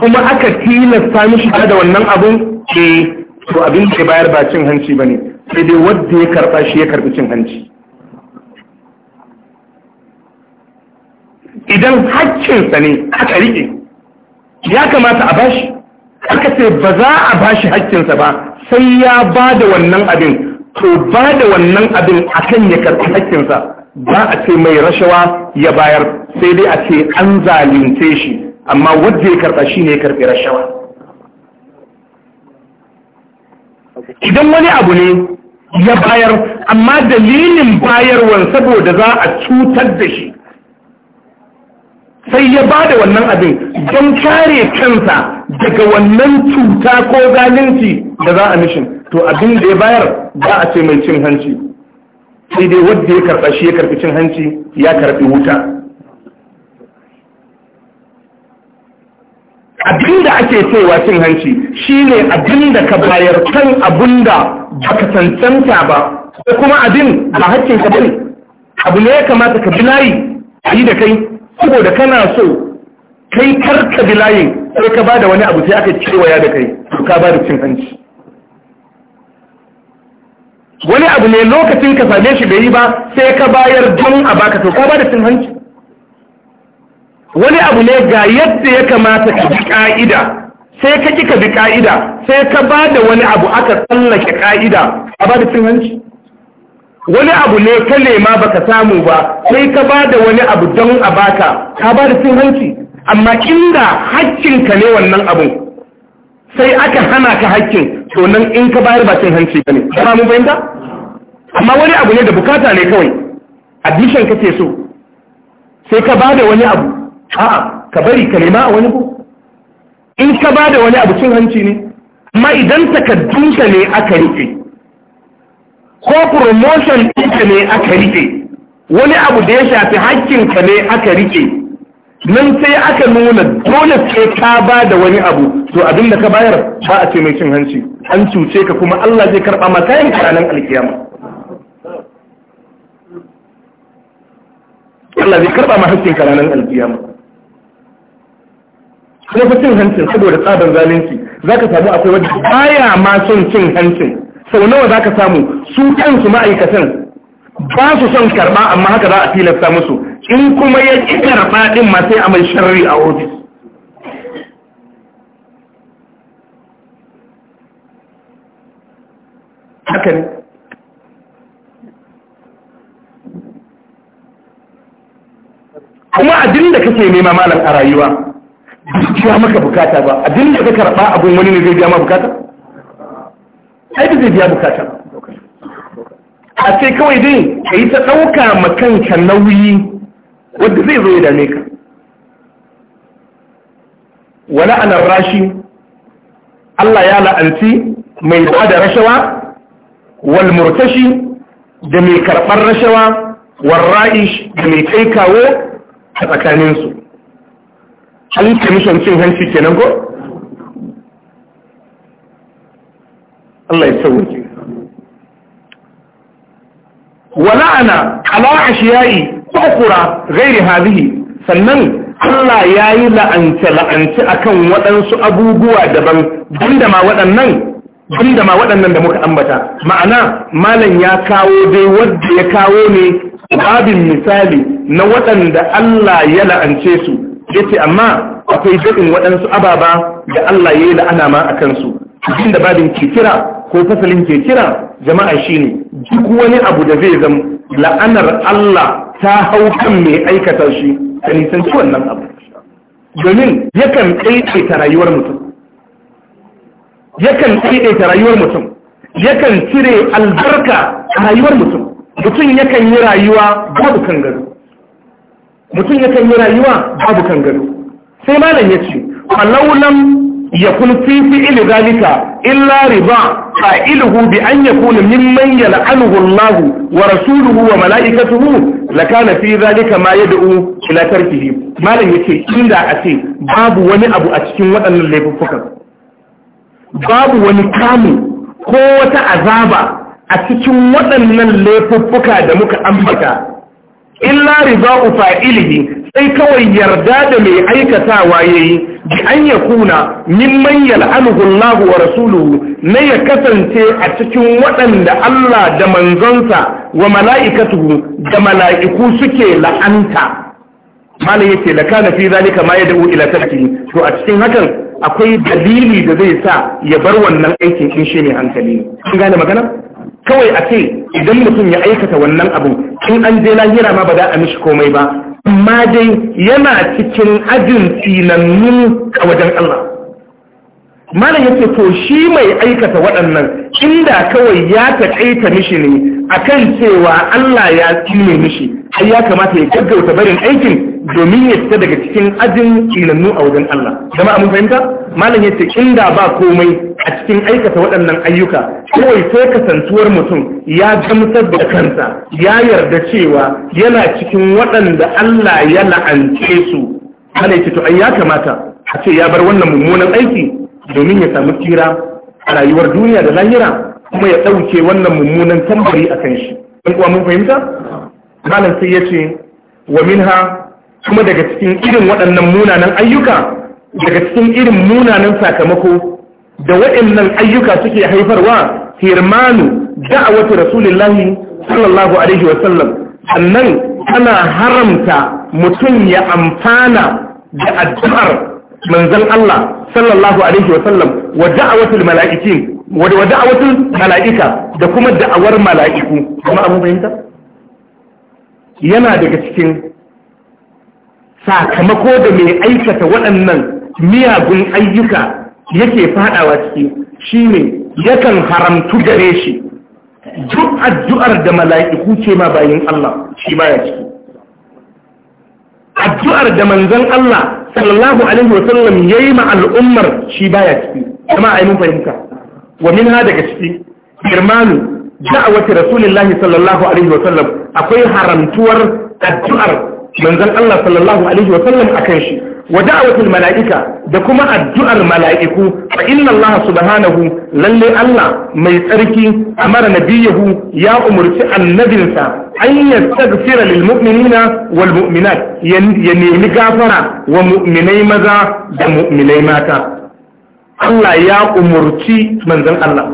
Speaker 1: kuma aka tilasta mishi da wannan abin ke eh, to abin da ya bayar ba cin hanci ba ne sai dai wadda ya karɓa shi ya karɓi cin hanci idan haƙƙinsa ne aka riƙe ya kamata a bashi aka ce ba za a bashi haƙƙinsa ba sai ya ba da wannan abin to ba da wannan abin a kan ya karɓi haƙƙinsa ba a ce mai rashawa ya bayar sai dai a ce an zalunce shi amma wadda ya karɓa shi ne ya karɓi rashawa idan wani abu ne ya bayar amma dalilin bayarwar saboda za a cutar da shi sai ya ba da wannan abin don kare kansa daga wannan cuta ko zalunci da za a mishin to abin da ya bayar ba a ce mai cin hanci sai dai wadda ya karɓa shi ya karɓi cin hanci ya karɓi wuta abinda ake cewa cin hanci shine da ka bayar kan da ba ka cancanta ba ko kuma abin ba hakkin ka bane abu ne ya kamata ka bilayi yi da kai saboda kana so kai kar ka bilayi sai ka bada wani abu sai aka ya da kai ka bada cin hanci wani abu ne lokacin ka same shi bai yi ba sai ka bayar don a baka to ka bada cin hanci wani abu ne ga yadda ya kamata ka bi ka'ida sai ka kika bi ka'ida sai ka ba da wani abu aka tsallake ka'ida a ba da cin hanci wani abu ne ka nema baka samu ba sai ka ba da wani abu don a baka ka ba da cin hanci amma inda haƙƙinka ne wannan abun sai aka hana ka haƙƙin to nan in ka bayar ba cin hanci ba ne ba mun fahimta amma wani abu ne da bukata ne kawai admission kake so sai ka ba da wani abu a'a ka bari ka nema a wani ko in ka ba da wani abu cin hanci ne amma idan takaddunka ne aka rike ko promotion ɗinka ne aka rike wani abu da ya shafi hakkinka ne aka rike nan sai aka nuna dole sai ka ba da wani abu to abin da ka bayar ba a ce mai cin hanci an cuce ka kuma Allah zai karɓa maka yin ranar alkiyama Allah zai karɓa ma hakkin ranar alkiyama kuma fa cin hancin saboda tsabar zalunci zaka samu akwai wanda baya ma son cin hancin sau nawa zaka samu su kansu ma'aikatan ba su son karba amma haka za a tilasta musu in kuma ya ƙi karba ɗin ma sai a mai sharri a ofis haka ne kuma abin da kake nema malam a rayuwa biya maka bukata ba a da ka karɓa abin wani ne zai biya ma bukata ai da zai biya bukata a ce kawai dai ka yi ta ɗauka ma kanka nauyi wadda zai zo ya dame ka wala anar rashi Allah ya la'anci mai ba da rashawa wal murtashi da mai karɓar rashawa ra'ish da mai kai kawo a tsakaninsu halin kamishon cin hanci kenan ko Allah ya sauke wala'ana ala ashiyai ukura gairi halihi, sannan Allah ya yi la'ance-la'ance a kan waɗansu abubuwa daban banda ma waɗannan ma waɗannan da muka ambata ma'ana malam ya kawo dai wadda ya kawo ne babin misali na waɗanda Allah ya la'ance su yace amma akwai daɗin waɗansu ababa da Allah ya yi la'ana ma a kansu abin da babin ke kira ko fasalin ke kira jama'a shine duk wani abu da zai zama la'anar Allah ta hau kan mai aikata shi ka ci wannan abu domin yakan ɗaiɗaita rayuwar mutum yakan ta rayuwar mutum yakan cire albarka a rayuwar mutum mutum yakan yi rayuwa babu kan gado mutum yakan yi rayuwa babu kan gado sai malam ya ce falaulam ya kun fi fi'il zalika illa riba fa'iluhu bi an yakuna mimman yal'anuhu Allah wa rasuluhu wa mala'ikatuhu lakana fi zalika ma yad'u ila tarkihi malam yace inda a ce babu wani abu a cikin waɗannan laifuffukan babu wani kamu ko wata azaba a cikin waɗannan laifuffuka da muka ambata illa rida'u fa'ilihi sai kawai yarda da mai aikatawa yayi bi an kuna mimman yal'anuhu Allah wa rasuluhu na ya kasance a cikin waɗanda Allah da manzonsa wa mala'ikatuhu da mala'iku suke la'anta mala yake la kana fi zalika ma yad'u ila tarki to a cikin hakan akwai dalili da zai sa ya bar wannan aikin in shi ne hankali kun gane magana kawai a ce idan mutum ya aikata wannan abu in an je lahira ma ba za a mishi komai ba amma dai yana cikin ajin tsinannu a wajen Allah malam yake to shi mai aikata waɗannan inda kawai ya taƙaita mishi ne akan cewa Allah ya tsine mishi har ya kamata ya gaggauta barin aikin domin ya fita daga cikin ajin tsinannu a wajen Allah jama'a mun fahimta malam yace inda ba komai a cikin aikata waɗannan ayyuka kawai sai kasantuwar mutum ya gamsar da kansa ya yarda cewa yana cikin waɗanda Allah ya la'ance su ana to ai ya kamata a ce ya bar wannan mummunan aiki domin ya samu tsira a rayuwar duniya da lahira kuma ya ɗauke wannan mummunan tambari a kan shi ɗan kuwa mun fahimta malam sai ya ce wa minha kuma daga cikin irin waɗannan munanan ayyuka daga cikin irin munanan sakamako da waɗannan ayyuka suke haifarwa hirmanu da'awatu rasulillahi sallallahu alaihi wa sallam sannan ana haramta mutum ya amfana da addu'ar manzon Allah sallallahu alaihi wa sallam wa da'awatul mala'ikin wadda wasu mala'ika da kuma da'awar mala'iku kuma abu fahimta yana daga cikin sakamako da mai aikata waɗannan miyagun ayyuka yake fadawa ciki shine yakan haramtu gare shi duk addu'ar da mala'iku ce ma bayin Allah shi baya ciki addu'ar da manzon Allah sallallahu alaihi wasallam yayi ma al'ummar shi baya ciki kuma ai mun fahimta wa minha daga ciki irmanu da'awati rasulullahi sallallahu alaihi wa sallam akwai haramtuwar addu'ar manzon Allah sallallahu alaihi wa sallam akan shi wa da'awatul mala'ika da kuma addu'ar mala'iku fa inna Allah subhanahu lalle Allah mai tsarki amara nabiyahu ya umurci annabinsa an yastaghfira lil mu'minina wal mu'minat ya nemi gafara wa mu'minai maza da mu'minai mata Allah ya umurci manzon Allah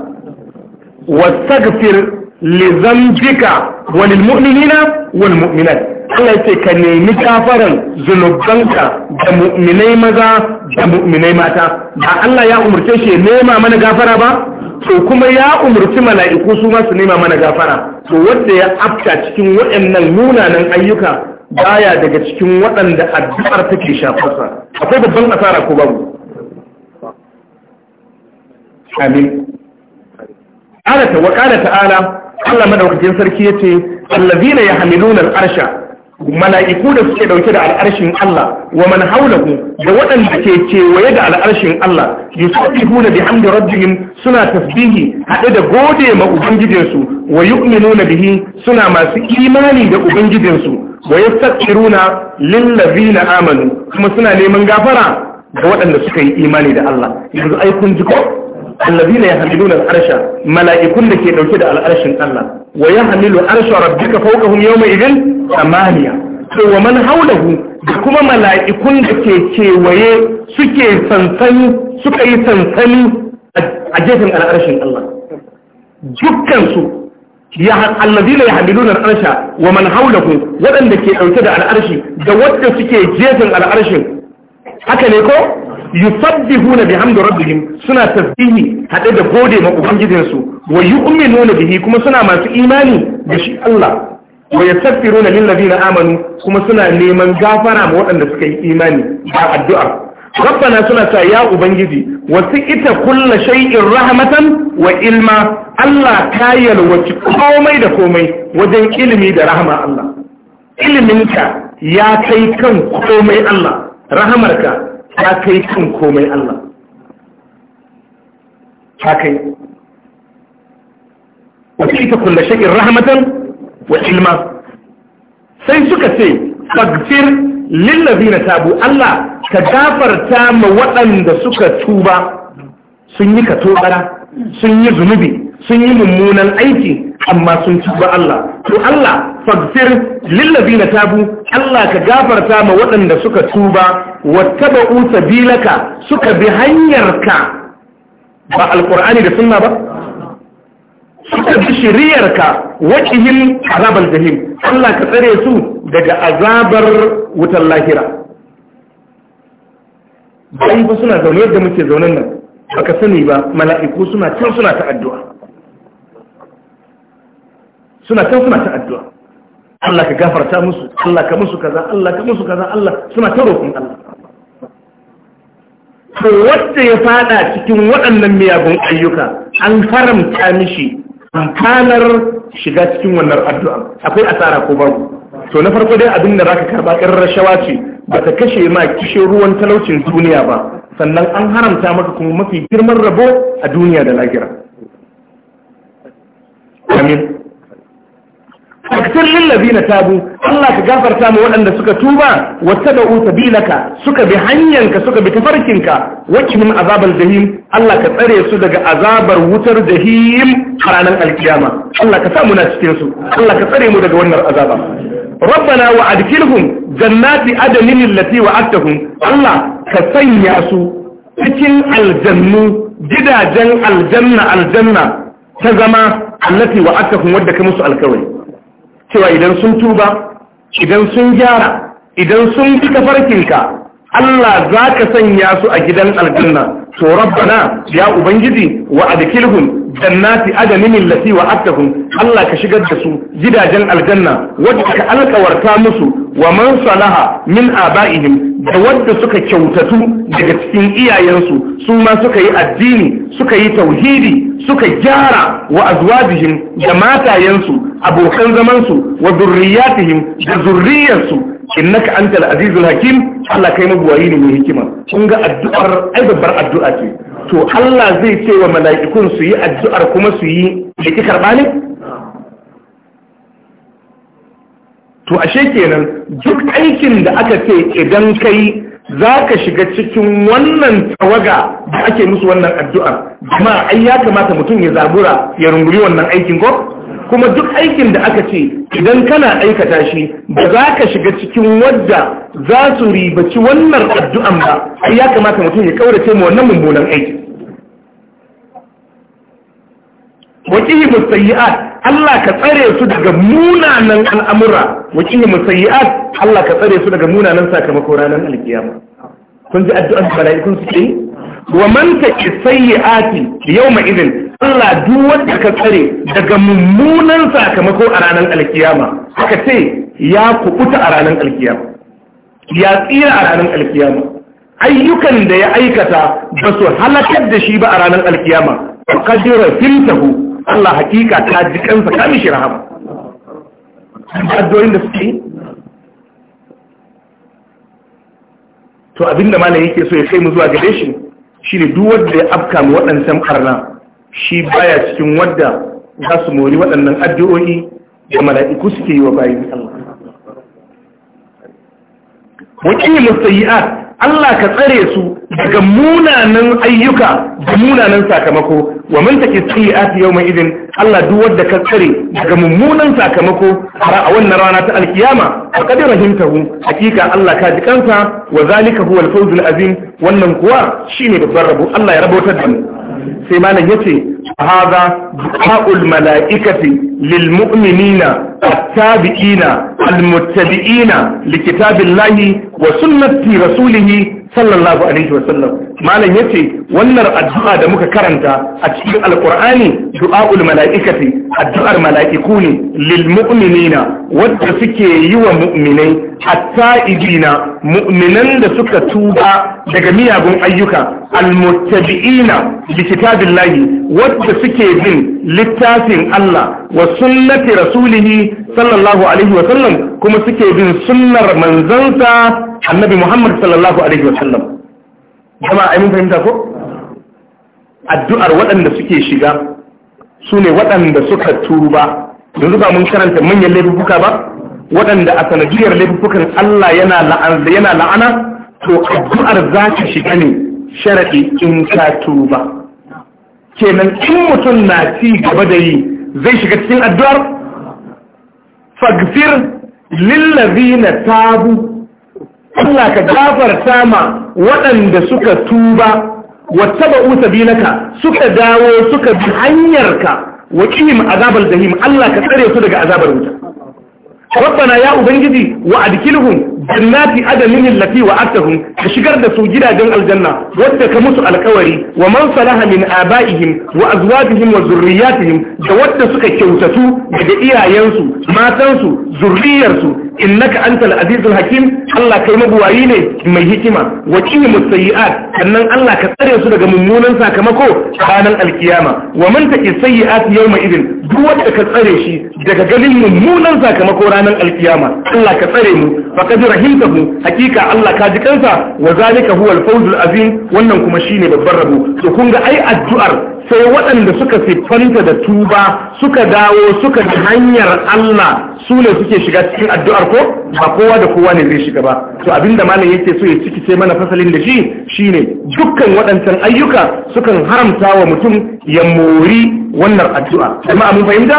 Speaker 1: wastaghfir li dhanbika wa lil mu'minina wal mu'minat Allah ce ka nemi kafaran zunubanka da mu'minai maza da mu'minai mata ba Allah ya umurce shi nema mana gafara ba to kuma ya umurci mala'iku su ma su nema mana gafara to wanda ya afta cikin waɗannan munanan ayyuka baya daga cikin waɗanda addu'ar take shafarsa akwai babban asara ko babu amin alata wa qala ta'ala Allah madaukakin sarki yace allazina yahmiluna al-arsha mala'iku da suke ɗauke da al'arshin Allah wa man hawlahu da waɗanda ke kewaye da al'arshin Allah biham da rabbihim suna tasbihi haɗe da gode ma ubangijinsu wa yu'minuna bihi suna masu imani da ubangijinsu wa yastaghfiruna lil ladzina amanu kuma suna neman gafara da waɗanda suka yi imani da Allah yanzu ai kun ji ko allazina yahmiluna al'arsha mala'ikun da ke dauke da al'arshin Allah wa yahmilu arsha rabbika fawqahum yawma idhin samaniya to wa man hawlahu da kuma mala'ikun da ke kewaye suke sansani suka yi sansani a gefen al'arshin Allah dukkan su allazina wa man hawlahu waɗanda ke dauke da al'arshi da wanda suke gefen al'arshin haka ne ko yusabbihuna bihamdi rabbihim suna tasbihi hade da gode ma ubangijinsu wa yu'minuna bihi kuma suna masu imani da shi Allah wa yastaghfiruna lil ladina amanu kuma suna neman gafara ma waɗanda suka yi imani da addu'a rabbana suna ta ya ubangiji wasu ita kulla shay'in rahmatan wa ilma Allah ka yalwaci komai da komai wajen ilimi da rahama Allah iliminka ya kai kan komai Allah rahamarka ta kai kan komai Allah ta kai wata ita kulle shakin rahmatan wa ilma sai suka ce fagfir lillazi na tabu Allah ka gafarta ma waɗanda suka tuba sun yi katobara sun yi zunubi sun yi mummunan aiki amma sun tuba Allah to Allah faghfir lillazina tabu Allah ka gafarta ma waɗanda suka tuba wattaba'u sabilaka suka bi hanyarka ba alqur'ani da sunna ba suka bi shiriyarka wajihil azabal jahim Allah ka tsare su daga azabar wutar lahira bai ba suna zaune yadda muke zaunen nan baka sani ba mala'iku suna can suna ta addu'a suna can suna ta addu'a Allah ka gafarta musu Allah ka musu kaza Allah ka musu kaza Allah suna ta roƙon Allah to wanda ya fada cikin waɗannan miyagun ayyuka an haramta mishi amfanar shiga cikin wannan addu'a akwai asara ko babu to na farko dai abin da zaka karba ƙin rashawa ce ba ta kashe ma kishe ruwan talaucin duniya ba sannan an haramta maka kuma mafi girman rabo a duniya da lahira amin faktir lillazina tabu Allah ka gafarta mu waɗanda suka tuba wata da uta bilaka suka bi hanyanka suka bi tafarkinka wacce min azabar jahim Allah ka tsare su daga azabar wutar jahim a ranar alkiyama Allah ka sa muna cikin su Allah ka tsare mu daga wannan azaba rabbana wa adkilhum jannati adnin allati wa'adtahum Allah ka sanya su cikin aljannu gidajen aljanna aljanna ta zama allati wa'adtahum wadda ka musu alkawari cewa idan sun tuba idan sun gyara idan sun bi kafarkinka Allah za ka sanya su a gidan aljanna to rabbana ya ubangiji wa adkilhum jannati adnin allati wa'adtahum Allah ka shigar da su gidajen aljanna wacce ka alkawarta musu wa man salaha min aba'ihim da wadda suka kyautatu daga cikin iyayensu su ma suka yi addini suka yi tauhidi suka gyara wa azwajihim da matayensu abokan zamansu wa zurriyatihim da zurriyarsu innaka al azizul hakim Allah kai mabuwayi ne mai hikima kun ga addu'ar ai babbar addu'a ce to Allah zai ce wa mala'ikun su yi addu'ar kuma su yi da ki karba ne to ashe kenan duk aikin da aka ce idan kai za ka shiga cikin wannan tawaga da ake musu wannan addu'ar kuma ai ya kamata mutum ya zabura ya runguri wannan aikin ko kuma duk aikin da aka ce idan kana aikata shi ba za ka shiga cikin wadda za su ribaci wannan addu'an ba ai ya kamata mutum ya kaurace mu wannan mummunan aikin. waƙihi musayyi'at Allah ka tsare su daga munanan al'amura waƙihi musayyi'at Allah ka tsare su daga munanan sakamako ranar alkiyama kun ji addu'ar mala'ikun su ce wa man taqi sayyi'ati yawma idin Allah duk wanda ka tsare daga mummunan sakamako a ranar alkiyama haka ce ya kubuta a ranar alkiyama ya tsira a ranar alkiyama ayyukan da ya aikata ba su halakar da shi ba a ranar alkiyama kadira filtahu Allah hakika ta ji kansa ta mishi rahama addu'o'in da suke to abinda malam yake so ya kai mu zuwa gare shi shine duk wanda ya afka mu waɗansan karna shi baya cikin wadda za su mori waɗannan addu'o'i da mala'iku suke yi wa bayin Allah wakil musayyi'at Allah ka tsare su daga munanan ayyuka da munanan sakamako wa man take yau mai idin Allah duk wanda ka tsare daga mummunan sakamako har a wannan rana ta alkiyama a qad rahimtahu hakika Allah ka ji kansa wa zalika huwa al-fawzul azim wannan kuwa shine babbar rabo Allah ya rabotar da mu sai malam yace hadha du'aul malaikati lil mu'minina attabi'ina tabiina al-muttabi'ina li kitabillahi wa sunnati rasulih sallallahu alaihi wa sallam malam ya ce wannan addu'a da muka karanta a cikin alqur'ani du'aul malaikati addu'ar malaiku ne lil mu'minina wanda suke yi wa mu'minai hatta idina mu'minan da suka tuba daga miyagun ayyuka almuttabi'ina bi kitabillahi wadda suke bin littafin Allah wa sunnati rasulihi sallallahu alaihi wa sallam kuma suke bin sunnar manzansa annabi Muhammad sallallahu alaihi wa sallam jama'a ai mun fahimta ko addu'ar waɗanda suke shiga su ne waɗanda suka tuba yanzu ba mun karanta manyan laifuka ba waɗanda a sanadiyar laifukan Allah yana la'ana yana la'ana to addu'ar za ta shiga ne sharadi in ka tuba kenan in mutum na ci gaba da yi zai shiga cikin addu'ar faghfir lillazina tabu Allah ka gafarta ma waɗanda suka tuba wattaba'u sabilaka suka dawo suka bi hanyarka wa qihim azabar jahim Allah ka tsare su daga azabar wuta rabbana ya ubangiji wa adkilhum jannati adamin allati wa'adtahum ka shigar da su gidajen aljanna wadda ka musu alkawari wa man salaha min abaihim wa azwajihim wa zurriyatihim da wadda suka kyautatu daga iyayensu matansu zurriyarsu innaka antal azizul hakim Allah kai mabuwayi ne mai hikima wa kini musayyi'at sannan Allah ka tsare su daga mummunan sakamako ranar alkiyama wa man taqi sayyi'at yawma idin duk wanda ka tsare shi daga ganin mummunan sakamako ranar alkiyama Allah ka tsare mu faqad rahimahu hakika Allah ka ji kansa wa zalika huwa al-fawzul azim wannan kuma shine babban rabo to kun ga ai addu'ar sai waɗanda suka siffanta da tuba suka dawo suka da hanyar Allah su ne suke shiga cikin addu'ar ko ba kowa da kowa ne zai shiga ba to abinda malam yake so ya ciki sai mana fasalin da shi shine dukkan waɗancan ayyuka sukan haramta wa mutum ya mori wannan addu'a jama'a mun fahimta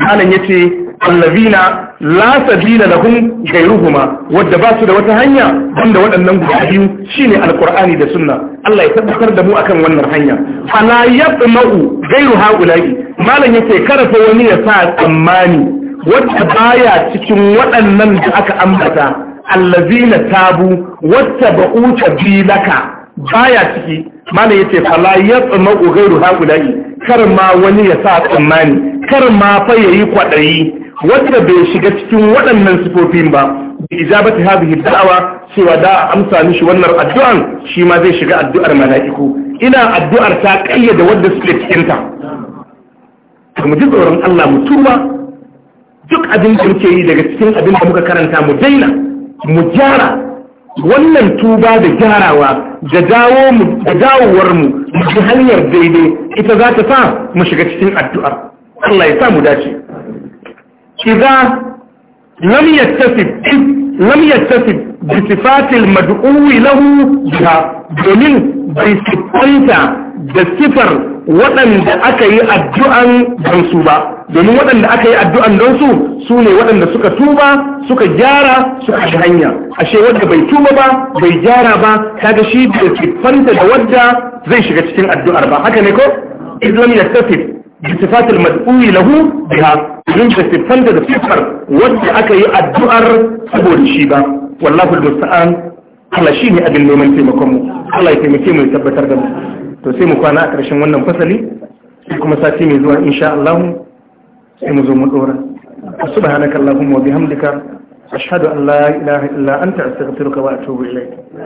Speaker 1: malam yace allazina la sabila lahum ghayruhuma wadda ba su da wata hanya banda waɗannan guda biyu shine alqur'ani da sunna Allah ya tabbatar da mu akan wannan hanya fala yaqma'u ghayru haula'i malan yake karafa wani ya sa tsammani wadda baya cikin waɗannan da aka ambata allazina tabu wata ba'u tabilaka baya ciki mana ya ce fala ya tsama ugairu haƙulai kar ma wani ya sa tsammani kar ma fa ya yi kwaɗayi wanda bai shiga cikin waɗannan sifofin ba bi ijabati hadhihi da'awa cewa da a amsa mishi wannan addu'an shi ma zai shiga addu'ar mala'iku ina addu'ar ta kayyade wanda suke cikin ta mu tsoron Allah mu tuba duk abin da muke yi daga cikin abin da muka karanta mu daina mu gyara wannan tuba da gyarawa da dawo mu da dawowar mu mu ji hanyar daidai ita za ta sa mu shiga cikin addu'ar Allah ya sa mu dace إذا لم يتصف لم يتصف بصفات المدعو له بها domin bai siffanta da sifar waɗanda aka yi addu'an don ba domin waɗanda aka yi addu'an don su su waɗanda suka tuba suka gyara suka ga hanya ashe wadda bai tuba ba bai gyara ba ta kaga shi da siffanta da wadda zai shiga cikin addu'ar ba haka ne ko islam بصفات المدعو له بها من تستفان ده صفر ودي أكي الدعر سبور الشيبة والله المستعان Allah shi ne abin neman taimakonmu Allah ya taimake mu ya tabbatar da mu to sai mu kwana a ƙarshen wannan fasali sai kuma sati mai zuwa insha Allah sai mu zo mu dora subhanakallahumma wa bihamdika ashhadu an la ilaha illa anta astaghfiruka wa atubu ilayk